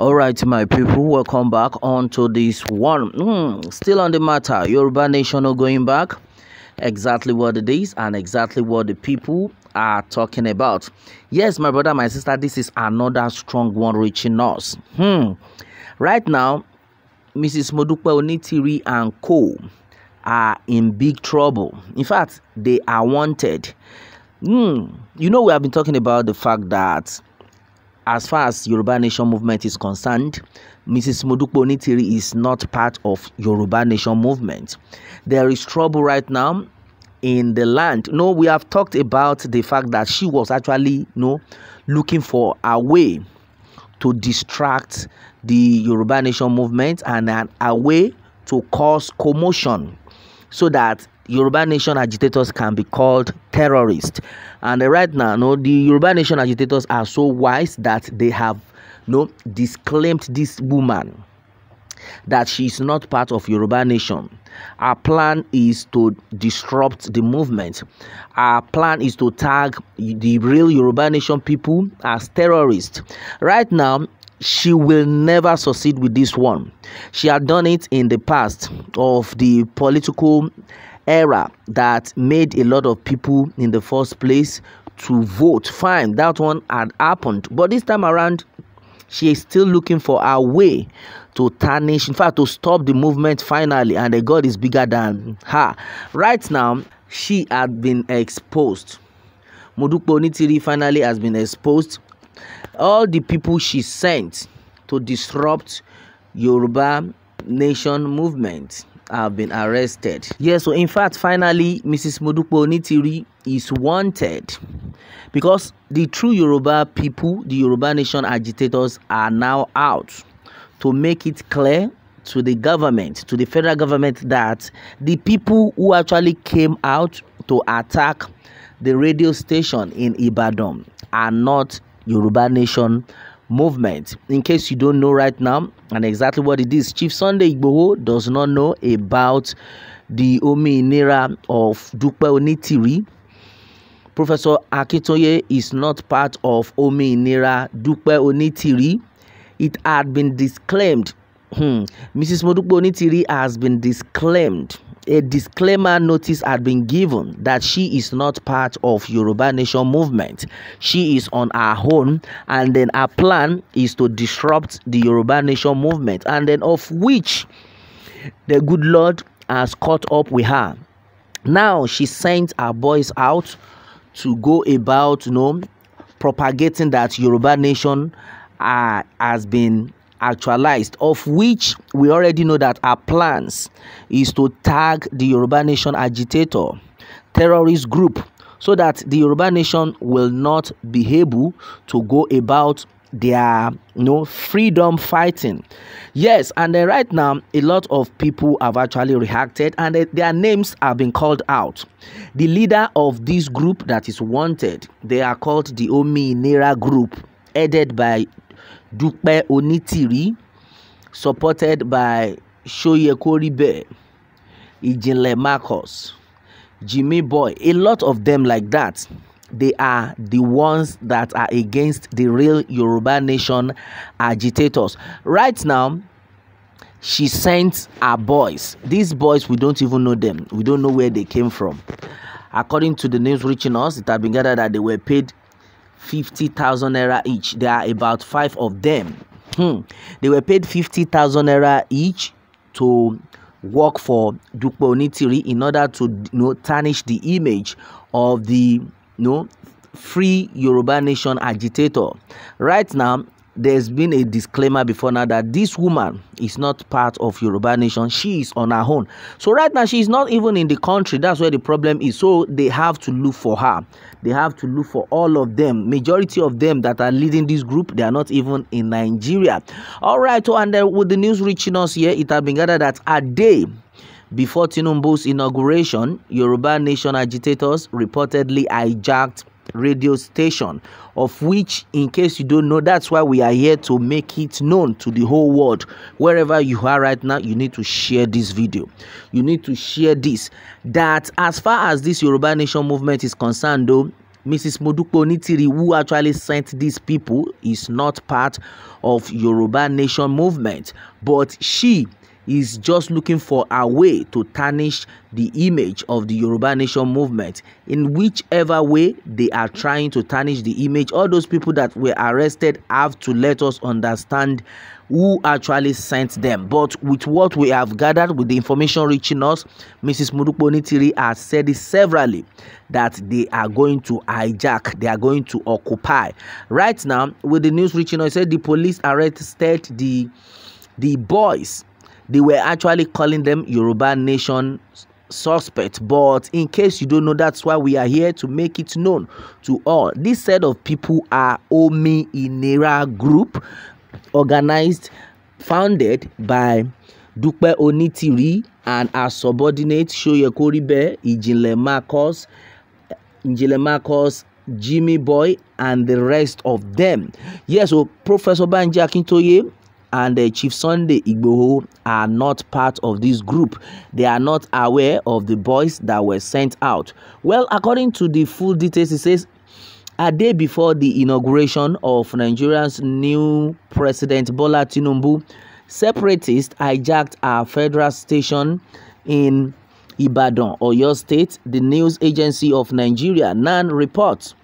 all right my people welcome back onto this one mm, still on the matter yoruba nation are going back exactly what it is and exactly what the people are talking about yes my brother my sister this is another strong one reaching us hmm. right now mrs modupe onitiri and co are in big trouble in fact they are wanted hmm. you know we have been talking about the fact that as far as Yoruba Nation movement is concerned, Mrs. Modupo Nitiri is not part of Yoruba Nation movement. There is trouble right now in the land. No, we have talked about the fact that she was actually you know, looking for a way to distract the Yoruba Nation movement and a way to cause commotion so that Yoruba Nation agitators can be called terrorists. And right now, no, the Yoruba Nation agitators are so wise that they have no disclaimed this woman that she is not part of Yoruba Nation. Our plan is to disrupt the movement. Our plan is to tag the real Yoruba Nation people as terrorists. Right now, she will never succeed with this one. She had done it in the past of the political Era that made a lot of people in the first place to vote. Fine, that one had happened. But this time around, she is still looking for a way to tarnish, in fact, to stop the movement finally. And the God is bigger than her. Right now, she had been exposed. Modupo Nitiri finally has been exposed. All the people she sent to disrupt Yoruba nation movement have been arrested. Yes, so in fact, finally, Mrs. Modupo Onitiri is wanted because the true Yoruba people, the Yoruba nation agitators, are now out to make it clear to the government, to the federal government, that the people who actually came out to attack the radio station in Ibadan are not Yoruba nation movement. In case you don't know right now and exactly what it is, Chief Sunday Igboho does not know about the Ominira of Dupe Onitiri. Professor Akintoye is not part of Ominira Dupe Onitiri. It had been disclaimed. Mrs. Hmm. Modupe Onitiri has been disclaimed. a disclaimer notice had been given that she is not part of Yoruba Nation movement. She is on her own and then her plan is to disrupt the Yoruba Nation movement and then of which the good Lord has caught up with her. Now she sent her boys out to go about you know propagating that Yoruba Nation uh, has been actualized, of which we already know that our plans is to tag the Yoruba Nation agitator, terrorist group, so that the Yoruba Nation will not be able to go about their you know, freedom fighting. Yes, and then right now, a lot of people have actually reacted and their names have been called out. The leader of this group that is wanted, they are called the Omi Nera group, headed by Dúpẹ́ Onítìrí supported by Soyekoribe, Ijinle Marcus, Jimmy Boy, a lot of them like that. They are the ones that are against the real Yoruba nation agitators. Right now, she sent her boys. These boys, we don't even know them. We don't know where they came from. According to the news reaching us, it had been gathered that they were paid 50,000 naira each. There are about five of them. Hmm. They were paid 50,000 naira each to work for Dukpo Onitiri in order to you know, tarnish the image of the you know, free Yoruba nation agitator. Right now, there's been a disclaimer before now that this woman is not part of Yoruba nation. She is on her own. So right now she is not even in the country. That's where the problem is. So they have to look for her. They have to look for all of them. Majority of them that are leading this group, they are not even in Nigeria. All right. So oh, and then with the news reaching us here, it has been gathered that a day before Tinubu's inauguration, Yoruba nation agitators reportedly hijacked radio station, of which, in case you don't know, that's why we are here to make it known to the whole world. Wherever you are right now, you need to share this video. You need to share this. That as far as this Yoruba Nation movement is concerned, though, Mrs. Modupo Nitiri, who actually sent these people, is not part of Yoruba Nation movement, but she is just looking for a way to tarnish the image of the Yoruba Nation movement in whichever way they are trying to tarnish the image. All those people that were arrested have to let us understand who actually sent them. But with what we have gathered, with the information reaching us, Mrs. Mudupo has said it severally that they are going to hijack, they are going to occupy. Right now, with the news reaching us, said the police arrested the the boys they were actually calling them Yoruba Nation suspect but in case you don't know that's why we are here to make it known to all this set of people are omi inera group organized founded by dupe onitiri and her subordinate Koribe, ijinle marcus ijinle marcus jimmy boy and the rest of them yes yeah, so professor banji akintoye and uh, Chief Sunday Igboho are not part of this group. They are not aware of the boys that were sent out. Well, according to the full details, it says a day before the inauguration of Nigeria's new president Bola Tinubu, separatists hijacked a federal station in Ibadan, Oyo State, the news agency of Nigeria, NAN reports.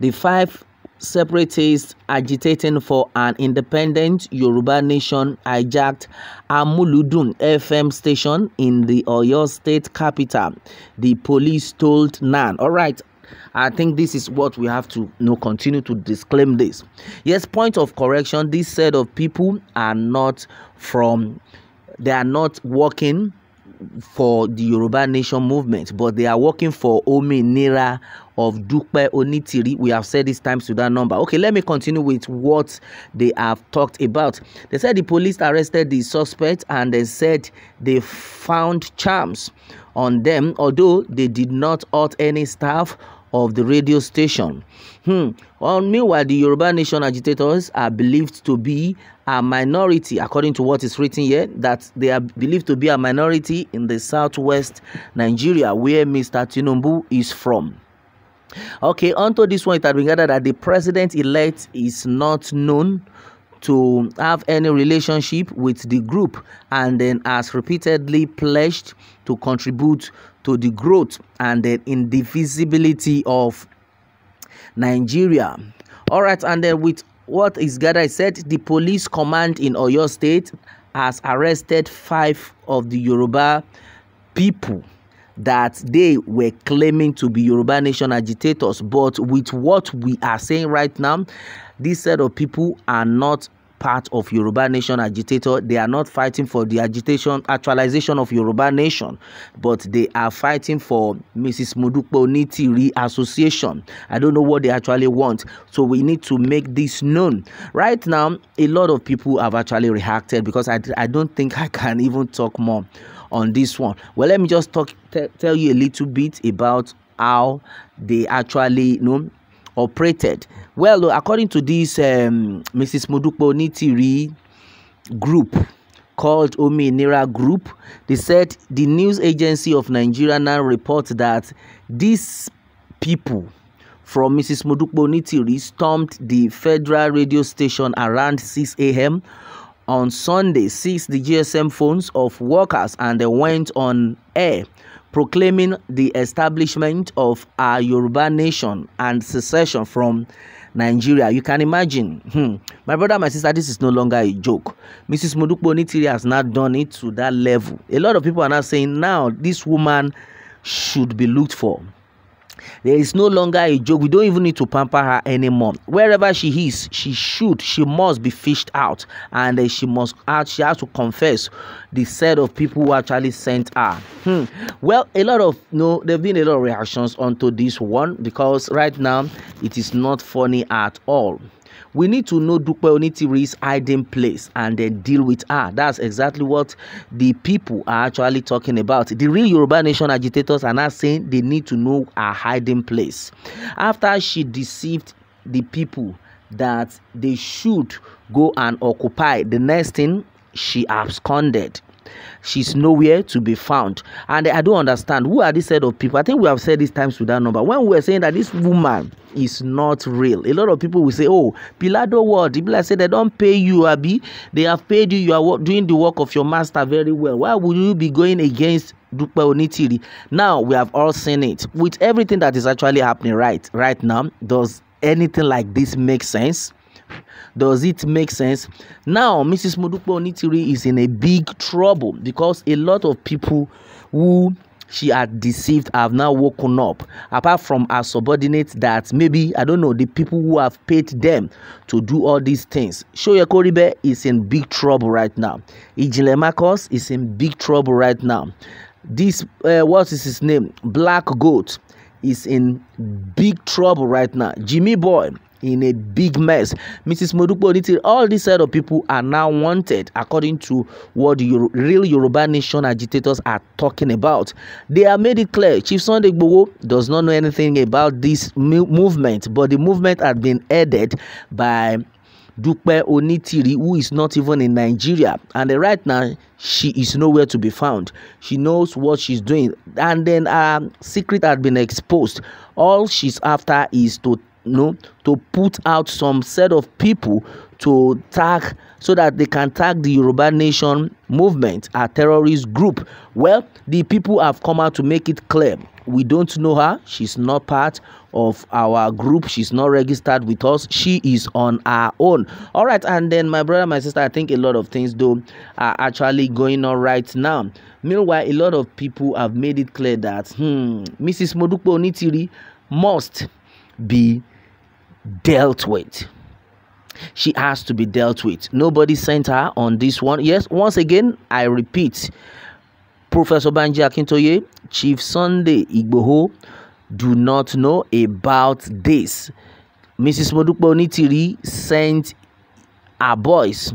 The five separatists agitating for an independent Yoruba nation hijacked Amuludun FM station in the Oyo state capital. The police told Nan. All right, I think this is what we have to you know, continue to disclaim this. Yes, point of correction, this set of people are not from, they are not working for the Yoruba Nation movement, but they are working for Ominira of Dupe Onitiri. We have said this times to that number. Okay, let me continue with what they have talked about. They said the police arrested the suspect and they said they found charms on them, although they did not hurt any staff of the radio station. Hmm. Well, meanwhile, the Yoruba Nation agitators are believed to be a minority, according to what is written here, that they are believed to be a minority in the southwest Nigeria, where Mr. Tinubu is from. Okay, onto this one, it has been gathered that the president elect is not known to have any relationship with the group and then has repeatedly pledged to contribute to the growth and the indivisibility of Nigeria. All right, and then with what is gathered is said the police command in Oyo State has arrested five of the Yoruba people that they were claiming to be Yoruba Nation agitators. But with what we are saying right now, this set of people are not part of Yoruba Nation agitator. They are not fighting for the agitation actualization of Yoruba Nation, but they are fighting for Mrs. Modupe Niti Association. I don't know what they actually want, so we need to make this known. Right now, a lot of people have actually reacted because I, I don't think I can even talk more on this one. Well, let me just talk tell you a little bit about how they actually you know operated. Well, according to this um, Mrs. Modupo Nitiri group called Omi Nira Group, they said the news agency of Nigeria now reports that these people from Mrs. Modupo Nitiri stormed the federal radio station around 6 a.m. on Sunday, seized the GSM phones of workers and they went on air proclaiming the establishment of our Yoruba nation and secession from Nigeria. You can imagine. Hmm. My brother, my sister, this is no longer a joke. Mrs. Modupe Onitiri has not done it to that level. A lot of people are now saying now this woman should be looked for. There is no longer a joke. We don't even need to pamper her anymore. Wherever she is, she should, she must be fished out, and uh, she must uh, she has to confess the set of people who actually sent her. Hmm. Well, a lot of you no, know, there've been a lot of reactions onto this one because right now it is not funny at all. we need to know Dupe Onitiri's hiding place and then deal with her. That's exactly what the people are actually talking about. The real Yoruba Nation agitators are not saying they need to know her hiding place. After she deceived the people that they should go and occupy, the next thing she absconded she's nowhere to be found and i don't understand who are this set of people i think we have said this times with that number when we were saying that this woman is not real a lot of people will say oh pilado what People like say they don't pay you abi they have paid you you are doing the work of your master very well why would you be going against Dupe Onitiri. Now we have all seen it. With everything that is actually happening right right now, does anything like this make sense? Does it make sense? Now, Mrs. Modupe Onitiri is in a big trouble because a lot of people who she had deceived have now woken up apart from her subordinates that maybe i don't know the people who have paid them to do all these things shoye koribe is in big trouble right now ijinle marcus is in big trouble right now this uh, what is his name black goat is in big trouble right now jimmy boy in a big mess. Mrs. Modupo Onitiri, all these set of people are now wanted according to what the Euro real Yoruba nation agitators are talking about. They have made it clear Chief Sunday Gbowo does not know anything about this movement, but the movement had been headed by Dupe Onitiri, who is not even in Nigeria. And right now, she is nowhere to be found. She knows what she's doing. And then her secret had been exposed. All she's after is to no to put out some set of people to tag so that they can tag the Yoruba Nation movement a terrorist group. Well, the people have come out to make it clear. We don't know her. She's not part of our group. She's not registered with us. She is on her own. All right. And then my brother, my sister, I think a lot of things though are actually going on right now. Meanwhile, a lot of people have made it clear that hmm, Mrs. Modupe Onitiri must be dealt with she has to be dealt with nobody sent her on this one yes once again i repeat professor banji akintoye chief sunday igboho do not know about this mrs modupe onitiri sent her boys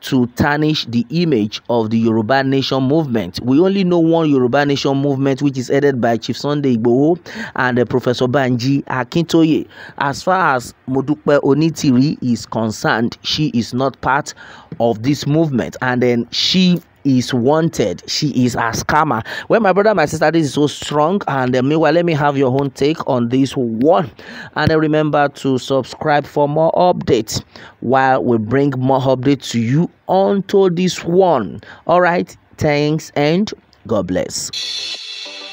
to tarnish the image of the Yoruba Nation movement. We only know one Yoruba Nation movement which is headed by Chief Sunday Igboho and uh, Professor Banji Akintoye. As far as Modupe Onitiri is concerned, she is not part of this movement and then she is wanted. She is a scammer. Well, my brother, my sister, this is so strong. And uh, meanwhile, let me have your own take on this one. And uh, remember to subscribe for more updates while we bring more updates to you onto this one. All right. Thanks and God bless.